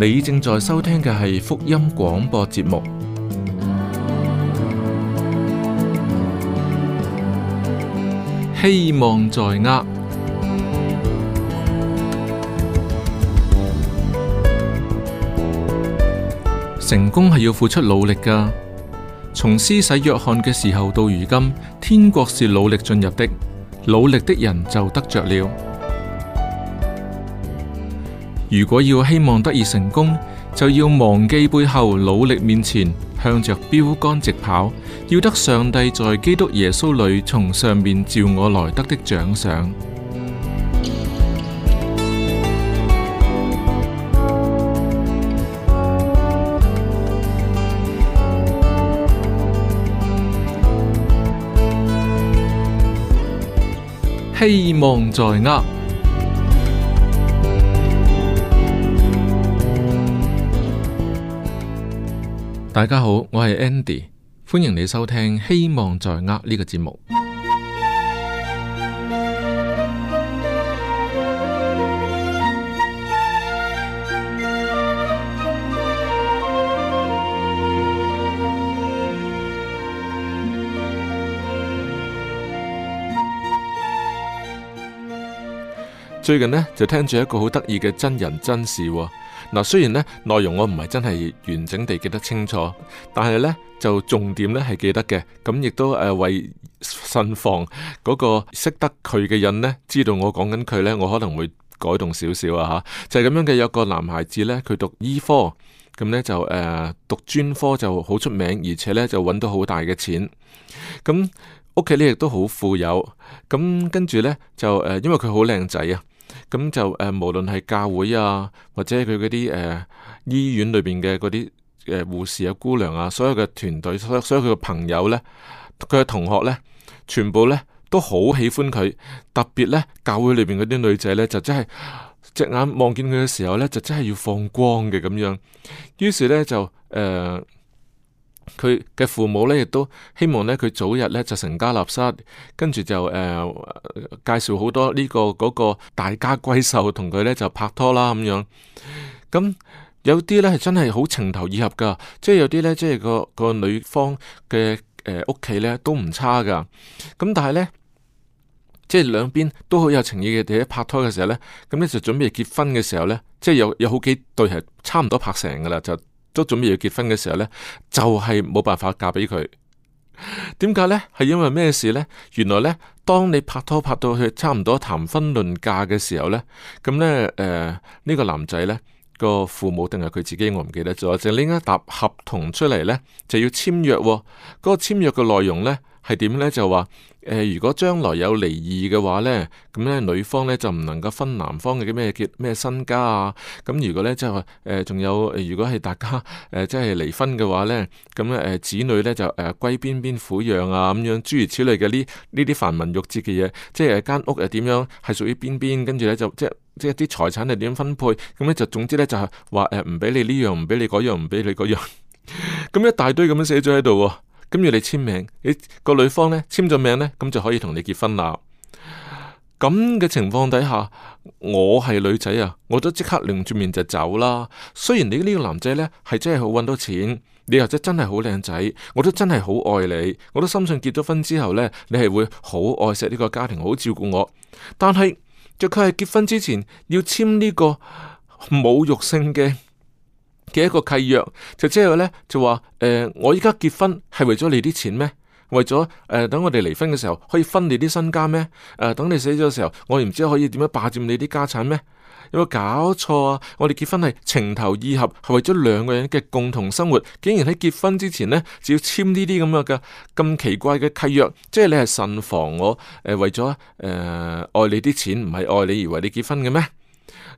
你正在收聽嘅係福音廣播節目，希望在握。成功係要付出努力噶。從施洗約翰嘅時候到如今，天國是努力進入的，努力的人就得着了。如果要希望得以成功，就要忘記背後，努力面前，向着標杆直跑。要得上帝在基督耶穌裏從上面召我來得的獎賞。希望在握。大家好，我係 Andy，歡迎你收聽《希望在握》呢個節目。最近呢，就聽住一個好得意嘅真人真事、哦，嗱、啊、雖然呢內容我唔係真係完整地記得清楚，但係呢，就重點呢係記得嘅，咁亦都誒、呃、為慎防嗰個識得佢嘅人呢，知道我講緊佢呢，我可能會改動少少啊吓，就係、是、咁樣嘅。有個男孩子呢，佢讀醫科，咁呢，就、呃、誒讀專科就好出名，而且呢就揾到好大嘅錢，咁屋企呢亦都好富有，咁跟住呢，就誒、呃、因為佢好靚仔啊。咁就誒、呃，無論係教會啊，或者佢嗰啲誒醫院裏邊嘅嗰啲誒護士啊、姑娘啊，所有嘅團隊，所有所有佢嘅朋友咧，佢嘅同學咧，全部咧都好喜歡佢。特別咧，教會裏邊嗰啲女仔咧，就真係隻眼望見佢嘅時候咧，就真係要放光嘅咁樣。於是咧就誒、呃佢嘅父母咧，亦都希望咧，佢早日咧就成家立室，跟住就誒、呃、介紹好多呢、這個、那個大家閨秀同佢咧就拍拖啦咁樣。咁有啲咧係真係好情投意合噶，即係有啲咧即係個個女方嘅誒屋企咧都唔差噶。咁但係咧，即係兩邊都好有情意嘅，第一拍拖嘅時候咧，咁咧就準備結婚嘅時候咧，即係有有好幾對係差唔多拍成噶啦就。都準備要結婚嘅時候呢，就係、是、冇辦法嫁俾佢。點解呢？係因為咩事呢？原來呢，當你拍拖拍到去差唔多談婚論嫁嘅時候呢，咁、嗯、呢，誒、呃，呢、這個男仔呢，個父母定係佢自己，我唔記得咗，就拎一沓合同出嚟呢，就要簽約喎。嗰、那個簽約嘅內容呢。係點咧？就話誒，如果將來有離異嘅話咧，咁咧女方咧就唔能夠分男方嘅咩叫咩身家啊。咁如果咧即係話誒，仲有如果係大家誒即係離婚嘅話咧，咁咧誒子女咧就誒歸邊邊撫養啊，咁樣諸如此類嘅呢呢啲繁文縟節嘅嘢，即係間屋又點樣係屬於邊邊，跟住咧就即係即係啲財產係點分配，咁咧就總之咧就係話誒唔俾你呢樣，唔俾你嗰樣，唔俾你嗰樣，咁一大堆咁樣寫咗喺度。咁要你簽名，你個女方呢簽咗名呢，咁就可以同你結婚啦。咁嘅情況底下，我係女仔啊，我都即刻擰住面就走啦。雖然你呢個男仔呢係真係好揾到錢，你又真真係好靚仔，我都真係好愛你，我都深信結咗婚之後呢，你係會好愛錫呢個家庭，好照顧我。但係，就佢係結婚之前要簽呢個侮辱性嘅。嘅一個契約，就即係話咧就話：誒、呃，我依家結婚係為咗你啲錢咩？為咗誒、呃，等我哋離婚嘅時候可以分你啲身家咩？誒、呃，等你死咗嘅時候，我唔知可以點樣霸佔你啲家產咩？有冇搞錯啊？我哋結婚係情投意合，係為咗兩個人嘅共同生活，竟然喺結婚之前咧，就要簽呢啲咁樣嘅咁奇怪嘅契約，即係你係慎防我誒、呃、為咗誒、呃、愛你啲錢，唔係愛你而為你結婚嘅咩？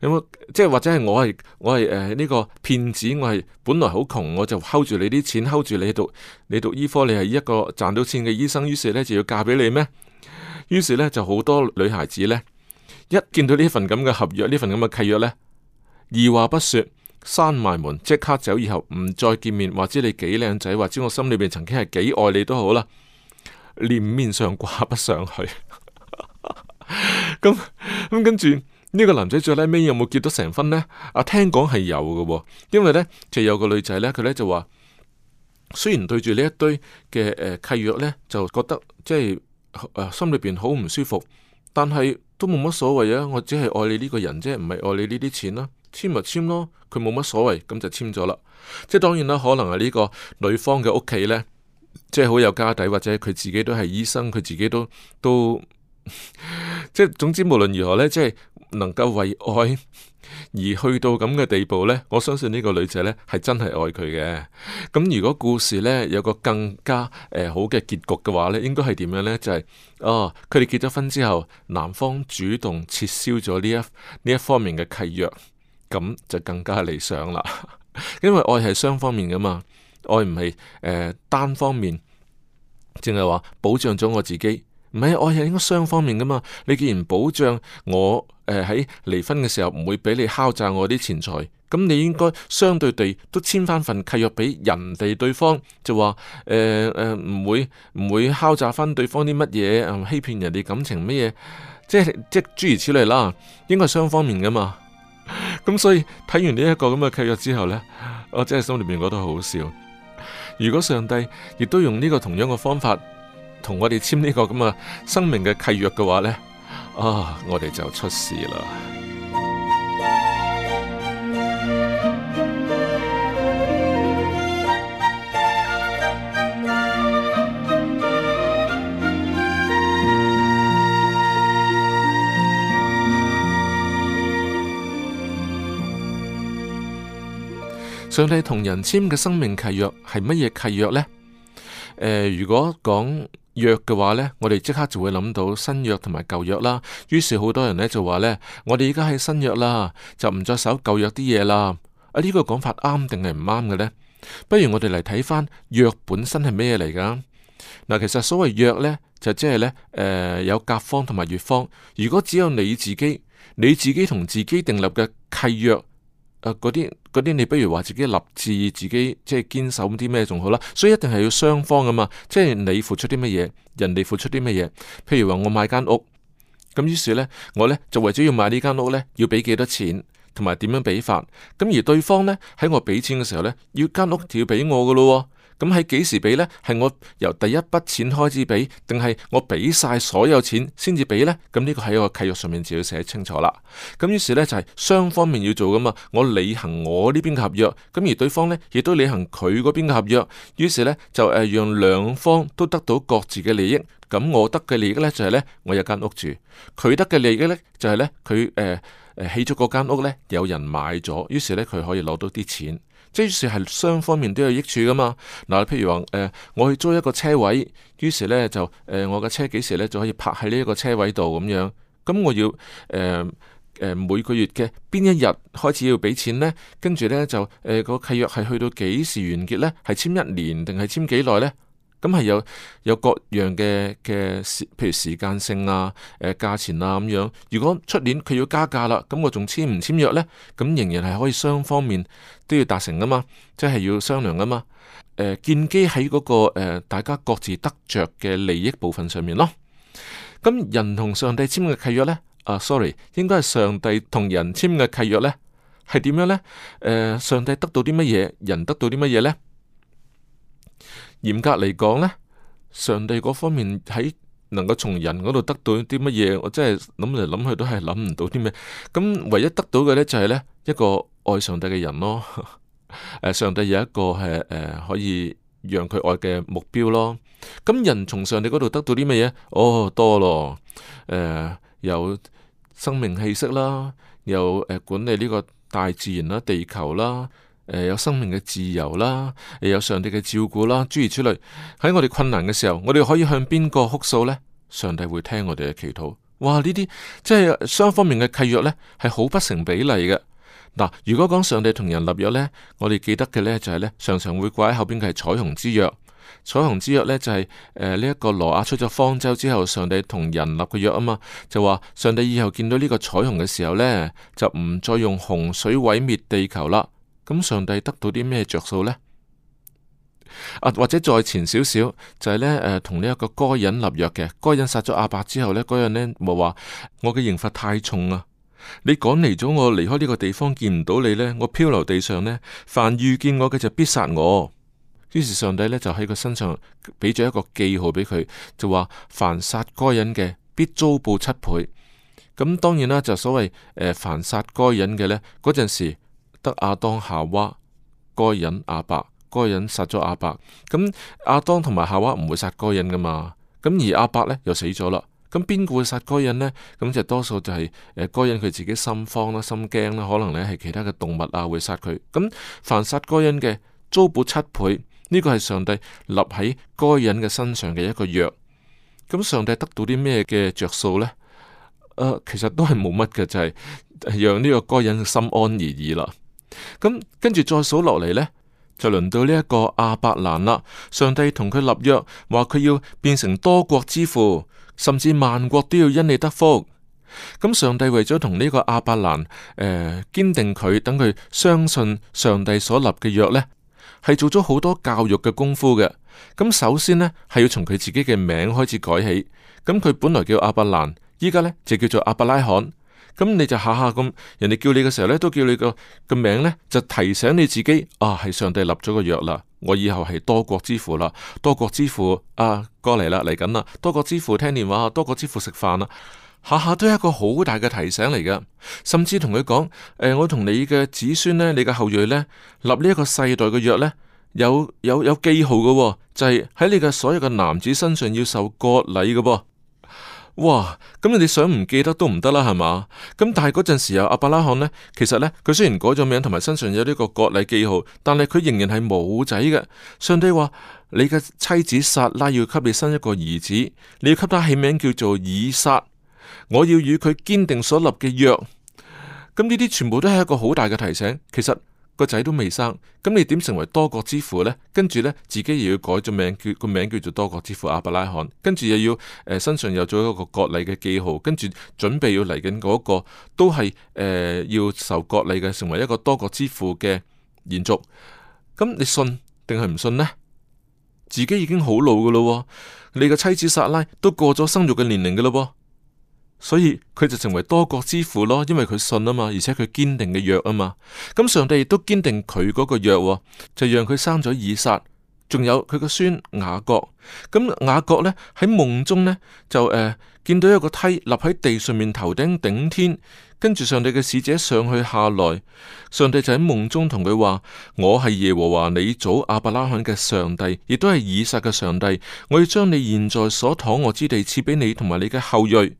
有冇即係或者係我係我係誒呢個騙子？我係本來好窮，我就 hold 住你啲錢，hold 住你讀你讀醫科，你係一個賺到錢嘅醫生，於是呢就要嫁俾你咩？於是呢就好多女孩子呢，一見到呢份咁嘅合約，呢份咁嘅契約呢，二話不說，閂埋門，即刻走，以後唔再見面。或者你幾靚仔，或者我心裏邊曾經係幾愛你都好啦，臉面上掛不上去。咁咁跟住。呢個男仔最屘尾，有冇結到成婚呢？啊，聽講係有嘅。哦，因為呢，就有個女仔呢，佢呢就話，雖然對住呢一堆嘅、呃、契約呢，就覺得即係、啊、心裏邊好唔舒服，但係都冇乜所謂啊！我只係愛你呢個人，即係唔係愛你呢啲錢啦、啊，簽咪簽咯，佢冇乜所謂，咁就簽咗啦。即係當然啦，可能係呢個女方嘅屋企呢，即係好有家底，或者佢自己都係醫生，佢自己都都 即係總之無論如何呢，即係。能夠為愛而去到咁嘅地步呢，我相信呢個女仔呢係真係愛佢嘅。咁如果故事呢有個更加誒好嘅結局嘅話呢，應該係點樣呢？就係哦，佢哋結咗婚之後，男方主動撤銷咗呢一呢一方面嘅契約，咁就更加理想啦。因為愛係雙方面噶嘛，愛唔係誒單方面，淨係話保障咗我自己，唔係，愛係應該雙方面噶嘛。你既然保障我。誒，喺離婚嘅時候唔會俾你敲詐我啲錢財，咁你應該相對地都簽翻份契約俾人哋對方，就話誒誒唔會唔會敲詐翻對方啲乜嘢，欺騙人哋感情乜嘢，即係即諸如此類啦，應該係雙方面嘅嘛。咁 所以睇完呢一個咁嘅契約之後呢，我真係心裏面覺得好笑。如果上帝亦都用呢個同樣嘅方法同我哋簽呢個咁嘅生命嘅契約嘅話呢。啊！Oh, 我哋就出事啦！上帝同人簽嘅生命契約係乜嘢契約呢？誒、呃，如果講。約嘅話呢，我哋即刻就會諗到新約同埋舊約啦。於是好多人呢就話呢：「我哋而家係新約啦，就唔再守舊約啲嘢啦。」啊，呢個講法啱定係唔啱嘅呢？不如我哋嚟睇翻約本身係咩嚟噶？嗱，其實所謂約呢，就即係呢，誒、呃，有甲方同埋乙方。如果只有你自己，你自己同自己訂立嘅契約。嗰啲啲，啊、你不如話自己立志，自己即係堅守啲咩仲好啦。所以一定係要雙方噶嘛，即係你付出啲乜嘢，人哋付出啲乜嘢。譬如話我買間屋，咁於是呢，我呢就為咗要買呢間屋呢，要畀幾多錢，同埋點樣畀法。咁而對方呢，喺我畀錢嘅時候呢，要間屋就要畀我噶咯、哦。咁喺幾時俾呢？係我由第一筆錢開始俾，定係我俾晒所有錢先至俾呢？咁呢個喺個契約上面就要寫清楚啦。咁於是呢，就係、是、雙方面要做噶嘛，我履行我呢邊嘅合約，咁而對方呢，亦都履行佢嗰邊嘅合約。於是呢，就誒，讓兩方都得到各自嘅利益。咁我得嘅利益呢，就係、是、呢，我有間屋住；佢得嘅利益呢，就係、是、呢，佢誒。呃誒起咗嗰間屋呢，有人買咗，於是呢，佢可以攞到啲錢，即係於是係雙方面都有益處噶嘛。嗱，譬如話誒，我去租一個車位，於是呢，就誒我嘅車幾時呢就可以泊喺呢一個車位度咁樣，咁我要誒誒、呃呃、每個月嘅邊一日開始要俾錢呢？跟住呢，就、呃、誒、個契約係去到幾時完結呢？係簽一年定係簽幾耐呢？咁係有有各樣嘅嘅時，譬如時間性啊、誒、呃、價錢啊咁樣。如果出年佢要加價啦，咁我仲簽唔簽約呢？咁仍然係可以雙方面都要達成噶嘛，即係要商量噶嘛。誒、呃，建基喺嗰個誒、呃，大家各自得着嘅利益部分上面咯。咁人同上帝簽嘅契約呢？啊，sorry，應該係上帝同人簽嘅契約呢？係、啊、點樣呢？誒、呃，上帝得到啲乜嘢？人得到啲乜嘢呢？嚴格嚟講呢，上帝嗰方面喺能夠從人嗰度得到啲乜嘢？我真係諗嚟諗去都係諗唔到啲咩。咁唯一得到嘅呢，就係呢一個愛上帝嘅人咯。 上帝有一個係、呃、可以讓佢愛嘅目標咯。咁人從上帝嗰度得到啲乜嘢？哦，多咯。呃，有生命氣息啦，有管理呢個大自然啦，地球啦。誒、呃，有生命嘅自由啦，亦、呃、有上帝嘅照顧啦，諸如此類。喺我哋困難嘅時候，我哋可以向邊個哭訴呢？上帝會聽我哋嘅祈禱。哇！呢啲即係雙方面嘅契約呢，係好不成比例嘅。嗱，如果講上帝同人立約呢，我哋記得嘅呢就係呢，常常會掛喺後邊嘅係彩虹之約。彩虹之約呢、就是，就係誒呢一個羅亞出咗方舟之後，上帝同人立嘅約啊嘛，就話上帝以後見到呢個彩虹嘅時候呢，就唔再用洪水毀滅地球啦。咁上帝得到啲咩着數呢？啊，或者再前少少就係呢，誒，同呢一個該隱立約嘅，該隱殺咗阿伯之後呢，該隱呢咪話「我嘅刑罰太重啊！你趕嚟咗，我離開呢個地方見唔到你呢。」我漂流地上呢，凡遇見我嘅就必殺我。於是上帝呢，就喺佢身上俾咗一個記號俾佢，就話凡殺該隱嘅必遭報七倍。咁當然啦，就所謂誒、呃，凡殺該隱嘅呢，嗰陣時。得阿當、夏娃、該隱、阿伯，該隱殺咗阿伯，咁阿，阿當同埋夏娃唔會殺該隱㗎嘛？咁而阿伯呢又死咗啦，咁邊個會殺該隱呢？咁就多數就係誒該隱佢自己心慌啦、心驚啦，可能咧係其他嘅動物啊會殺佢。咁凡殺該隱嘅，遭報七倍。呢、這個係上帝立喺該隱嘅身上嘅一個約。咁上帝得到啲咩嘅着數呢？誒、呃，其實都係冇乜嘅，就係、是、讓呢個該隱心安而已啦。咁跟住再數落嚟呢，就輪到呢一個亞伯蘭啦。上帝同佢立約，話佢要變成多國之父，甚至萬國都要因你得福。咁上帝為咗同呢個亞伯蘭誒、呃、堅定佢，等佢相信上帝所立嘅約呢，係做咗好多教育嘅功夫嘅。咁首先呢，係要從佢自己嘅名開始改起。咁佢本來叫亞伯蘭，依家呢，就叫做亞伯拉罕。咁你就下下咁，人哋叫你嘅時候咧，都叫你個個名咧，就提醒你自己啊，係上帝立咗個約啦，我以後係多國之父啦，多國之父啊過嚟啦，嚟緊啦，多國之父聽電話，多國之父食飯啦，下下都係一個好大嘅提醒嚟㗎，甚至同佢講，誒、呃，我同你嘅子孫咧，你嘅後裔咧，立呢一個世代嘅約咧，有有有記號嘅、哦，就係、是、喺你嘅所有嘅男子身上要受割禮嘅噃、哦。哇，咁你哋想唔記得都唔得啦，係嘛？咁但係嗰陣時啊，亞伯拉罕呢，其實呢，佢雖然改咗名，同埋身上有呢個割禮記號，但係佢仍然係冇仔嘅。上帝話：你嘅妻子撒拉要給你生一個兒子，你要給他起名叫做以撒，我要與佢堅定所立嘅約。咁呢啲全部都係一個好大嘅提醒，其實。個仔都未生，咁你點成為多國之父呢？跟住呢，自己又要改咗名叫，叫個名叫做多國之父阿伯拉罕，跟住又要誒、呃、身上有咗一個割禮嘅記號，跟住準備要嚟緊嗰個都係誒、呃、要受割禮嘅，成為一個多國之父嘅延續。咁、嗯、你信定係唔信呢？自己已經好老噶咯，你個妻子撒拉都過咗生育嘅年齡噶咯噃。所以佢就成為多國之父咯，因為佢信啊嘛，而且佢堅定嘅約啊嘛。咁上帝亦都堅定佢嗰個約，就讓佢生咗以撒，仲有佢個孫雅各。咁雅各呢，喺夢中呢，就誒、呃、見到一個梯立喺地上面頭頂頂天，跟住上帝嘅使者上去下來。上帝就喺夢中同佢話：我係耶和華你祖阿伯拉罕嘅上帝，亦都係以撒嘅上帝。我要將你現在所躺臥之地賜畀你同埋你嘅後裔。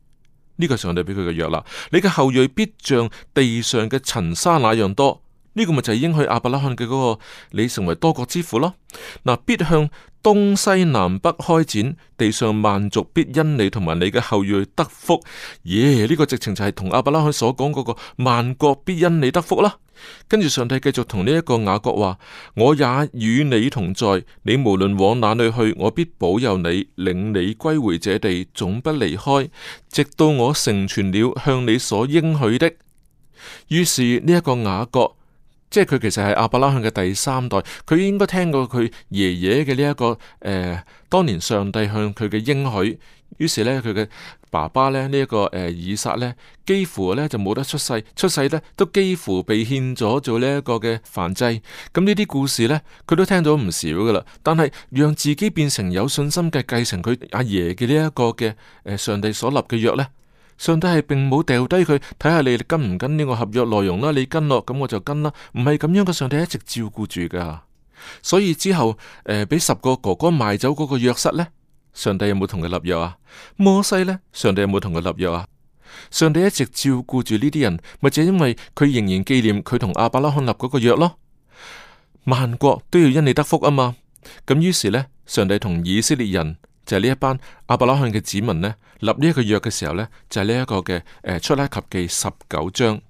呢個就係上帝俾佢嘅約啦，你嘅後裔必像地上嘅塵沙那樣多。呢個咪就係應許亞伯拉罕嘅嗰、那個你成為多國之父咯，嗱，必向東西南北開展，地上萬族必因你同埋你嘅後裔得福。耶、yeah, 呢個直情就係同亞伯拉罕所講嗰、那個萬國必因你得福啦。跟住上帝繼續同呢一個雅各話，我也與你同在，你無論往哪裏去，我必保佑你，領你歸回這地，總不離開，直到我成全了向你所應許的。於是呢一、這個雅各。即係佢其實係阿伯拉罕嘅第三代，佢應該聽過佢爺爺嘅呢一個誒、呃，當年上帝向佢嘅應許，於是咧佢嘅爸爸咧呢一、這個誒、呃、以撒咧，幾乎咧就冇得出世，出世咧都幾乎被獻咗做呢一個嘅燔祭，咁呢啲故事咧佢都聽咗唔少噶啦，但係讓自己變成有信心嘅繼承佢阿爺嘅呢一個嘅誒、呃、上帝所立嘅約咧。上帝係並冇掉低佢，睇下你跟唔跟呢個合約內容啦？你跟落，咁我就跟啦。唔係咁樣嘅，上帝一直照顧住噶。所以之後，誒，俾十個哥哥賣走嗰個約瑟咧，上帝有冇同佢立約啊？摩西咧，上帝有冇同佢立約啊？上帝一直照顧住呢啲人，咪就係因為佢仍然紀念佢同亞伯拉罕立嗰個約咯。萬國都要因你得福啊嘛。咁於是咧，上帝同以色列人。就係呢一班阿伯拉罕嘅子民呢，立呢一個約嘅時候呢，就係呢一個嘅誒、呃、出埃及記十九章，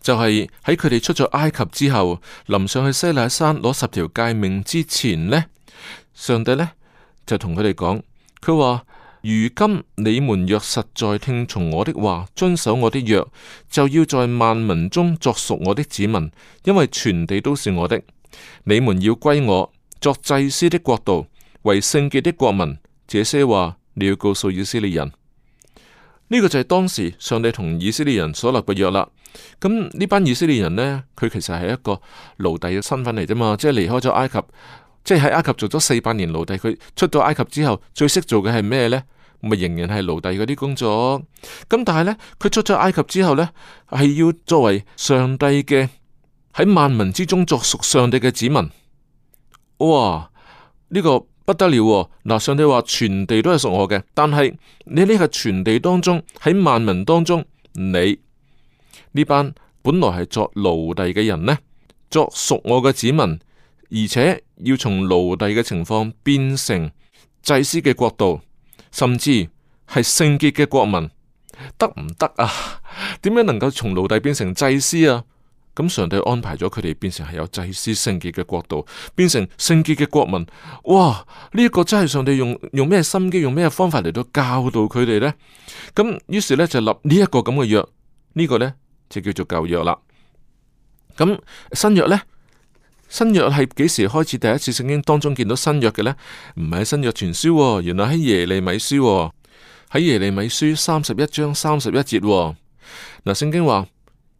就係喺佢哋出咗埃及之後，臨上去西奈山攞十條誡命之前呢，上帝呢就同佢哋講，佢話：如今你們若實在聽從我的話，遵守我的約，就要在萬民中作屬我的子民，因為全地都是我的，你們要歸我作祭司的國度，為聖潔的國民。這些話你要告訴以色列人，呢個就係當時上帝同以色列人所立嘅約啦。咁呢班以色列人呢，佢其實係一個奴隸嘅身份嚟啫嘛，即係離開咗埃及，即係喺埃及做咗四百年奴隸，佢出咗埃及之後，最識做嘅係咩呢？咪仍然係奴隸嗰啲工作。咁但係呢，佢出咗埃及之後呢，係要作為上帝嘅喺萬民之中作屬上帝嘅子民。哇，呢個。不得了啊，嗱！上帝話全地都係屬我嘅，但係你呢個全地當中喺萬民當中，你呢班本來係作奴隸嘅人呢，作屬我嘅子民，而且要從奴隸嘅情況變成祭司嘅國度，甚至係聖潔嘅國民，得唔得啊？點樣能夠從奴隸變成祭司啊？咁上帝安排咗佢哋變成係有祭司聖潔嘅國度，變成聖潔嘅國民。哇！呢一個真係上帝用用咩心機，用咩方法嚟到教導佢哋呢？咁於是呢就立呢一個咁嘅約，呢個呢就叫做舊約啦。咁新約呢，新約係幾時開始？第一次聖經當中見到新約嘅呢，唔係喺新約傳書，原來喺耶利米書喺耶利米書三十一章三十一節。嗱，聖經話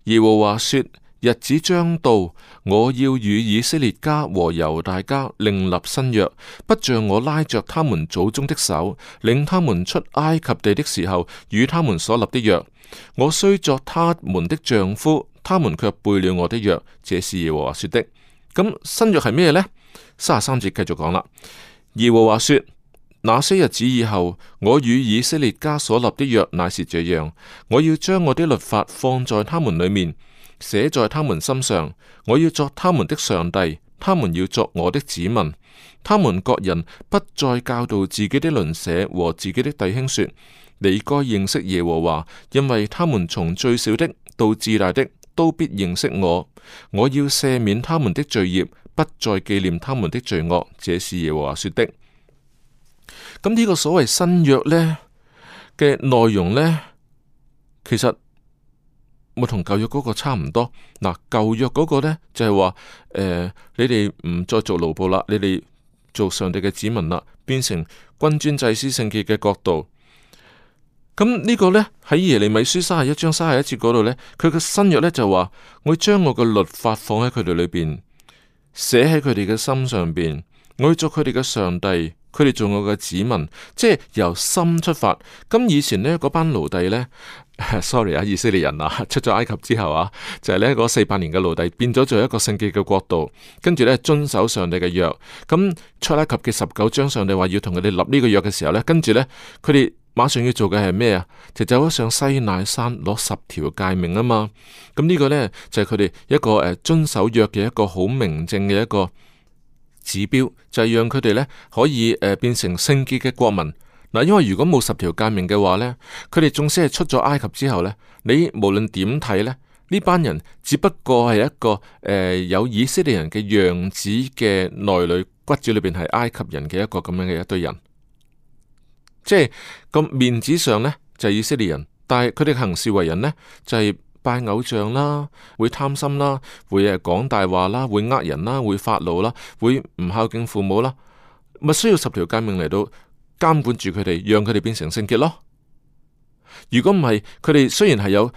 耶和華說。日子將到，我要與以色列家和猶大家另立新約，不像我拉着他們祖宗的手，領他們出埃及地的時候，與他們所立的約。我雖作他們的丈夫，他們卻背了我的約。這是耶和華說的。咁、嗯、新約係咩呢？三十三節繼續講啦。耶和華說：那些日子以後，我與以色列家所立的約乃是這樣，我要將我的律法放在他們裏面。寫在他們心上，我要作他們的上帝，他們要作我的子民。他們各人不再教導自己的鄰舍和自己的弟兄說：你該認識耶和華，因為他們從最小的到至大的都必認識我。我要赦免他們的罪孽，不再紀念他們的罪惡。這是耶和華說的。咁呢個所謂新約呢嘅內容呢，其實。我同舊約嗰個差唔多，嗱舊約嗰個呢，就係話，誒你哋唔再做奴僕啦，你哋做上帝嘅子民啦，變成君尊祭司聖潔嘅角度。咁呢個呢，喺耶利米書三十一章三十一節嗰度呢，佢嘅新約呢，就話，我要將我嘅律法放喺佢哋裏邊，寫喺佢哋嘅心上邊，我要做佢哋嘅上帝，佢哋做我嘅子民，即係由心出發。咁以前呢，嗰班奴隸呢。Sorry 啊，以色列人啊，出咗埃及之後啊，就係、是、呢嗰四百年嘅奴隸變咗做一個聖潔嘅國度，跟住呢，遵守上帝嘅約。咁出埃及嘅十九章，上帝話要同佢哋立呢個約嘅時候呢，跟住呢，佢哋馬上要做嘅係咩啊？就走咗上西奈山攞十條誡命啊嘛。咁呢個呢，就係佢哋一個誒遵守約嘅一個好明證嘅一個指標，就係、是、讓佢哋呢可以誒變成聖潔嘅國民。嗱，因為如果冇十條誡命嘅話呢，佢哋縱使係出咗埃及之後呢，你無論點睇咧，呢班人只不過係一個誒、呃、有以色列人嘅樣子嘅內裏骨子裏邊係埃及人嘅一個咁樣嘅一堆人，即係個面子上呢，就係、是、以色列人，但係佢哋行事為人呢，就係、是、拜偶像啦，會貪心啦，會日講大話啦，會呃人啦，會發怒啦，會唔孝敬父母啦，咪需要十條誡命嚟到。監管住佢哋，讓佢哋變成聖潔咯。如果唔係，佢哋雖然係有誒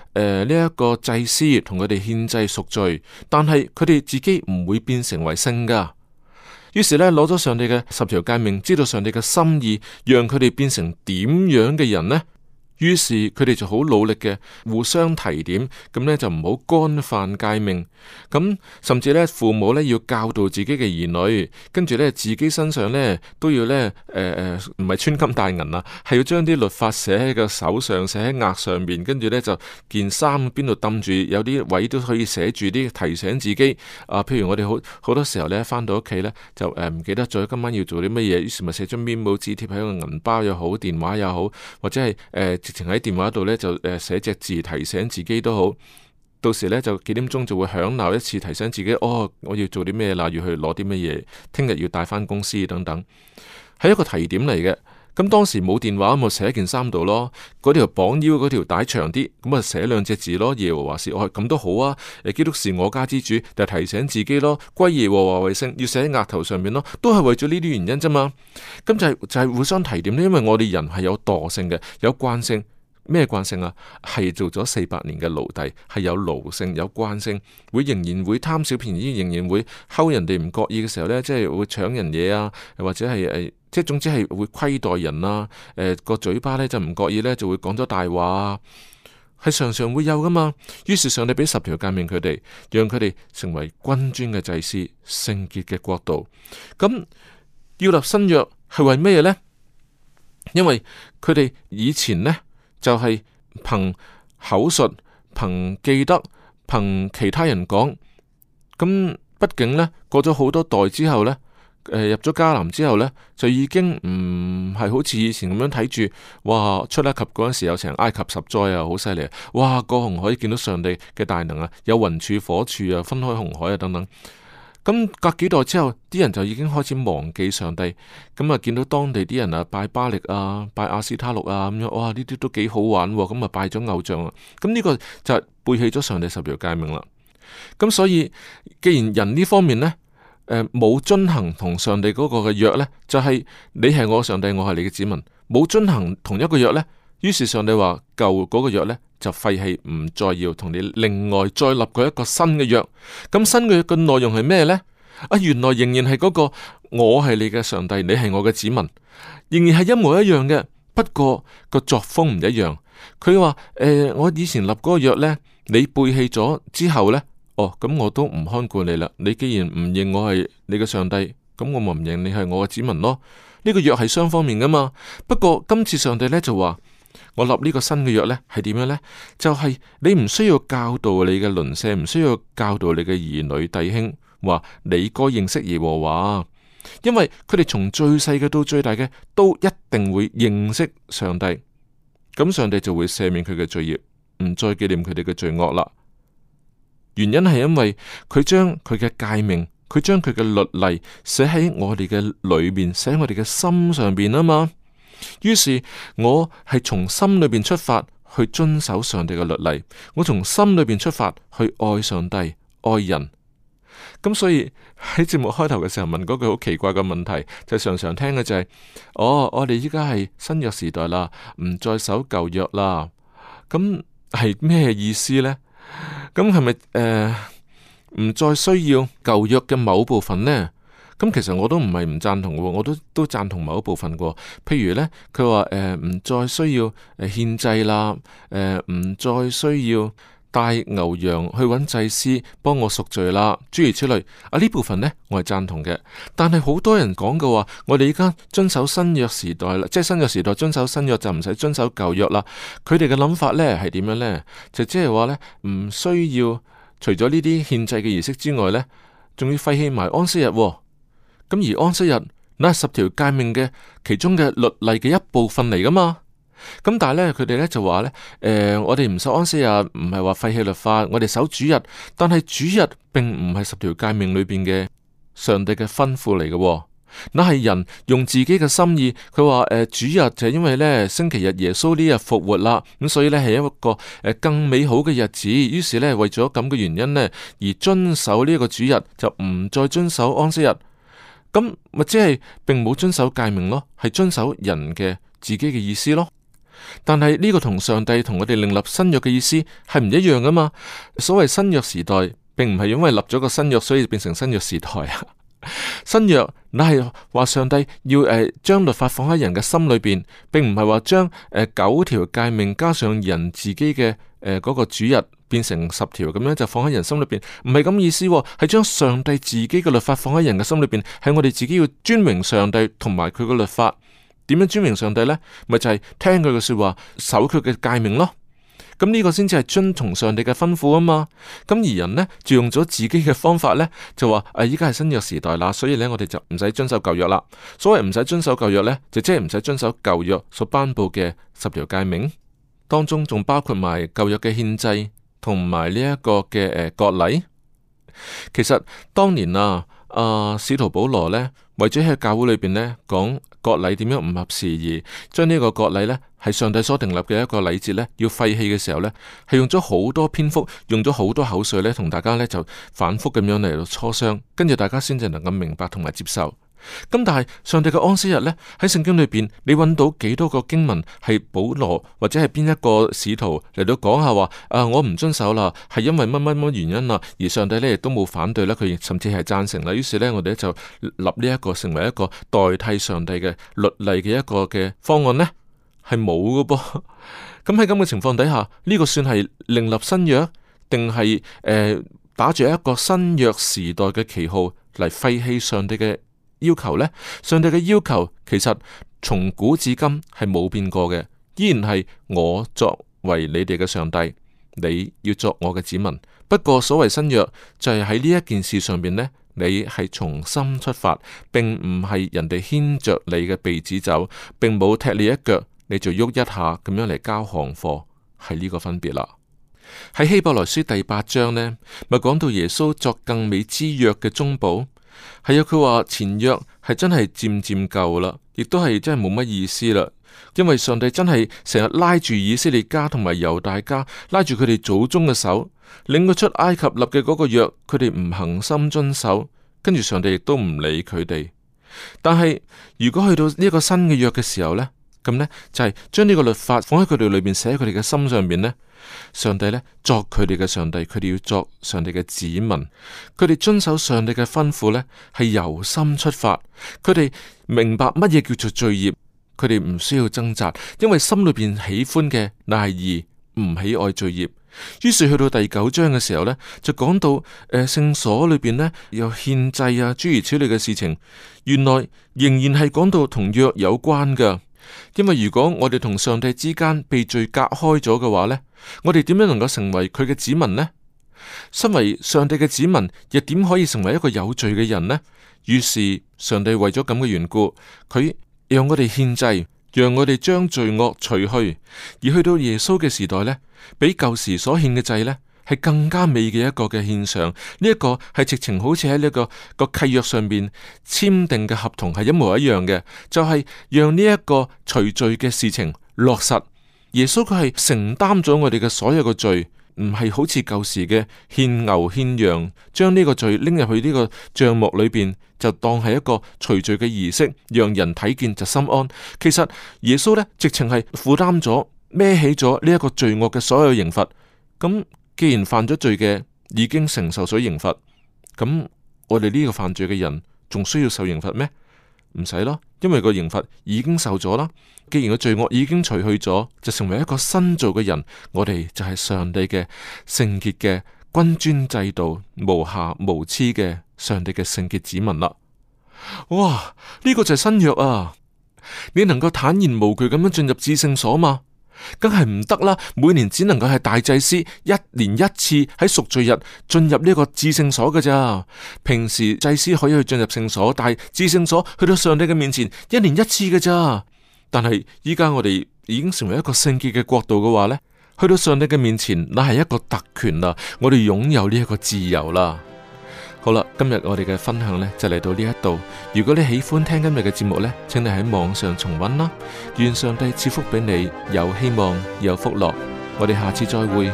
呢一個祭司同佢哋獻祭贖罪，但係佢哋自己唔會變成為聖噶。於是呢，攞咗上帝嘅十條誡命，知道上帝嘅心意，讓佢哋變成點樣嘅人呢？於是佢哋就好努力嘅，互相提點，咁呢就唔好干犯戒命，咁甚至呢，父母呢要教導自己嘅兒女，跟住呢自己身上呢都要呢，誒、呃、誒，唔係穿金戴銀啊，係要將啲律法寫喺個手上，寫喺額上面。跟住呢，就件衫邊度揼住，有啲位都可以寫住啲提醒自己，啊，譬如我哋好好多時候呢翻到屋企呢，就誒唔、呃、記得咗今晚要做啲乜嘢，於是咪寫張面 e 字貼喺個銀包又好，電話又好，或者係誒。呃呃情喺電話度呢，就誒寫隻字提醒自己都好，到時呢，就幾點鐘就會響鬧一次提醒自己哦，我要做啲咩啦，要去攞啲乜嘢，聽日要帶翻公司等等，係一個提點嚟嘅。咁當時冇電話，咪寫件衫度咯。嗰條綁腰嗰條帶長啲，咁咪寫兩隻字咯。耶和華是愛，咁都好啊。基督是我家之主，就提醒自己咯。歸耶和華為聖，要寫喺額頭上面咯。都係為咗呢啲原因啫嘛。咁就係、是、就係、是、互相提點咯。因為我哋人係有惰性嘅，有慣性。咩慣性啊？係做咗四百年嘅奴隸，係有奴性，有慣性，會仍然會貪小便宜，仍然會偷人哋唔覺意嘅時候呢，即係會搶人嘢啊，或者係誒。即係總之係會虧待人啦，誒個嘴巴，咧就唔覺意咧就會講咗大話，係常常會有噶嘛。於是上帝俾十條誡命佢哋，讓佢哋成為君尊嘅祭司、聖潔嘅國度。咁要立新約係為咩嘢咧？因為佢哋以前咧就係憑口述、憑記得、憑其他人講。咁畢竟咧，過咗好多代之後咧。入咗迦南之後呢，就已經唔係、嗯、好似以前咁樣睇住，哇！出埃及嗰陣時有成埃及十災啊，好犀利啊！哇！過紅海見到上帝嘅大能啊，有雲柱火柱啊，分開紅海啊等等。咁隔幾代之後，啲人就已經開始忘記上帝。咁啊，見到當地啲人啊，拜巴力啊，拜亞斯他錄啊，咁樣哇，呢啲都幾好玩。咁啊，就拜咗偶像啊，咁呢個就係背棄咗上帝十條誡命啦。咁所以，既然人呢方面呢。誒，冇遵行同上帝嗰個嘅約咧，就係你係我上帝，我係你嘅子民，冇遵行同一個約咧，於是上帝話舊嗰個約咧，就廢棄，唔再要同你另外再立過一個新嘅約。咁新嘅約嘅內容係咩咧？啊，原來仍然係嗰個我係你嘅上帝，你係我嘅子民，仍然係一模一樣嘅，不過個作風唔一樣。佢話誒，我以前立嗰個約咧，你背棄咗之後咧。哦，咁我都唔看管你啦。你既然唔認我係你嘅上帝，咁我咪唔認你係我嘅子民咯。呢個約係雙方面噶嘛。不過今次上帝呢就話，我立呢個新嘅約呢係點樣呢？就係你唔需要教導你嘅鄰舍，唔需要教導你嘅兒女弟兄，話你該認識耶和華，因為佢哋從最細嘅到最大嘅，都一定會認識上帝。咁上帝就會赦免佢嘅罪業，唔再紀念佢哋嘅罪惡啦。原因係因為佢將佢嘅誡命、佢將佢嘅律例寫喺我哋嘅裏面，寫喺我哋嘅心上邊啊嘛。於是我係從心裏邊出發去遵守上帝嘅律例，我從心裏邊出發去愛上帝、愛人。咁所以喺節目開頭嘅時候問嗰句好奇怪嘅問題，就是、常常聽嘅就係、是：哦，我哋依家係新約時代啦，唔再守舊約啦。咁係咩意思呢？咁係咪誒唔再需要舊約嘅某部分呢？咁、嗯、其實我都唔係唔贊同嘅，我都都贊同某一部分嘅。譬如咧，佢話誒唔再需要誒獻祭啦，誒、呃、唔再需要，帶牛羊去搵祭司幫我贖罪啦，諸如此類。阿、啊、呢部分呢，我係贊同嘅。但係好多人講嘅話，我哋依家遵守新約時代啦，即係新約時代遵守新約就唔使遵守舊約啦。佢哋嘅諗法呢係點樣呢？就即係話呢，唔需要除咗呢啲獻祭嘅儀式之外呢，仲要廢棄埋安、哦、安息日。咁而安息日嗱，係十條誡命嘅其中嘅律例嘅一部分嚟噶嘛。咁但係咧，佢哋咧就話咧，誒，我哋唔守安息日，唔係話廢棄律法，我哋守主日，但係主日並唔係十條誡命裏邊嘅上帝嘅吩咐嚟嘅，那係人用自己嘅心意。佢話誒，主日就係因為咧星期日耶穌呢日復活啦，咁所以咧係一個誒更美好嘅日子。於是咧為咗咁嘅原因呢，而遵守呢一個主日，就唔再遵守安息日。咁咪即係並冇遵守誡命咯，係遵守人嘅自己嘅意思咯。但係呢個同上帝同我哋另立新約嘅意思係唔一樣噶嘛？所謂新約時代，並唔係因為立咗個新約，所以變成新約時代啊。 新約你係話上帝要誒將、呃、律法放喺人嘅心裏邊，並唔係話將誒九條誡命加上人自己嘅誒嗰個主日變成十條咁樣就放喺人心裏邊，唔係咁意思，哦。係將上帝自己嘅律法放喺人嘅心裏邊，係我哋自己要尊榮上帝同埋佢嘅律法。點樣尊明上帝呢？咪就係、是、聽佢嘅說話，守佢嘅誡命咯。咁、這、呢個先至係遵從上帝嘅吩咐啊嘛。咁而人呢，就用咗自己嘅方法呢，就話誒，依家係新約時代啦，所以呢，我哋就唔使遵守舊約啦。所謂唔使遵守舊約呢，就即係唔使遵守舊約所頒布嘅十條誡命當中，仲包括埋舊約嘅獻祭同埋呢一個嘅誒、呃、割禮。其實當年啊。啊，使徒保羅咧，為咗喺教會裏邊咧講割禮點樣唔合時宜，將呢個割禮咧係上帝所訂立嘅一個禮節咧要廢棄嘅時候咧，係用咗好多篇幅，用咗好多口水咧同大家咧就反覆咁樣嚟到磋商，跟住大家先至能夠明白同埋接受。咁但係上帝嘅安息日呢，喺聖經裏邊，你搵到幾多個經文係保羅或者係邊一個使徒嚟到講下話？誒、啊，我唔遵守啦，係因為乜乜乜原因啊？而上帝呢，亦都冇反對啦，佢甚至係贊成啦。於是呢，我哋呢就立呢、這、一個成為一個代替上帝嘅律例嘅一個嘅方案呢，係冇嘅噃。咁喺咁嘅情況底下，呢、這個算係另立新約，定係誒打住一個新約時代嘅旗號嚟廢棄上帝嘅？要求呢，上帝嘅要求其實從古至今係冇變過嘅，依然係我作為你哋嘅上帝，你要作我嘅子民。不過所謂新約就係喺呢一件事上面呢，你係從心出發，並唔係人哋牽着你嘅鼻子走，並冇踢你一腳，你就喐一下咁樣嚟交行貨，係呢個分別啦。喺希伯來書第八章呢，咪講到耶穌作更美之約嘅中保。係啊，佢話前約係真係漸漸舊啦，亦都係真係冇乜意思啦。因為上帝真係成日拉住以色列家同埋猶大家，拉住佢哋祖宗嘅手，領佢出埃及立嘅嗰個約，佢哋唔恒心遵守，跟住上帝亦都唔理佢哋。但係如果去到呢個新嘅約嘅時候呢，咁呢，就係、是、將呢個律法，放喺佢哋裏面，寫喺佢哋嘅心上面。呢上帝呢，作佢哋嘅上帝，佢哋要作上帝嘅子民，佢哋遵守上帝嘅吩咐呢係由心出發。佢哋明白乜嘢叫做罪業，佢哋唔需要掙扎，因為心裏邊喜歡嘅乃係義，唔喜愛罪業。於是去到第九章嘅時候呢，就講到誒、呃、聖所裏邊呢，有獻祭啊諸如此類嘅事情，原來仍然係講到同約有關嘅。因為如果我哋同上帝之間被罪隔開咗嘅話呢，我哋點樣能夠成為佢嘅子民呢？身為上帝嘅子民，又點可以成為一個有罪嘅人呢？於是上帝為咗咁嘅緣故，佢讓我哋獻祭，讓我哋將罪惡除去。而去到耶穌嘅時代呢，比舊時所獻嘅祭呢。係更加美嘅一個嘅獻上。呢、這、一個係直情好似喺呢個、這個契約上面簽訂嘅合同係一模一樣嘅，就係、是、讓呢一個除罪嘅事情落實。耶穌佢係承擔咗我哋嘅所有嘅罪，唔係好似舊時嘅獻牛獻羊，將呢個罪拎入去呢個帳幕裏邊就當係一個除罪嘅儀式，讓人睇見就心安。其實耶穌呢直情係負擔咗孭起咗呢一個罪惡嘅所有刑罰，咁。既然犯咗罪嘅已經承受咗刑罰，咁我哋呢個犯罪嘅人仲需要受刑罰咩？唔使咯，因為個刑罰已經受咗啦。既然個罪惡已經除去咗，就成為一個新造嘅人，我哋就係上帝嘅聖潔嘅君尊制度無下無疵嘅上帝嘅聖潔子民啦。哇，呢個就係新約啊！你能夠坦然無懼咁樣進入至聖所嗎？梗係唔得啦！每年只能夠係大祭司一年一次喺贖罪日進入呢個至聖所嘅咋。平時祭司可以去進入聖所，但係至聖所去到上帝嘅面前一年一次嘅咋。但係依家我哋已經成為一個聖潔嘅國度嘅話呢，去到上帝嘅面前，那係一個特權啦。我哋擁有呢一個自由啦。好啦，今日我哋嘅分享呢就嚟到呢一度。如果你喜歡聽今日嘅節目呢，請你喺網上重溫啦。願上帝賜福俾你，有希望，有福樂。我哋下次再會。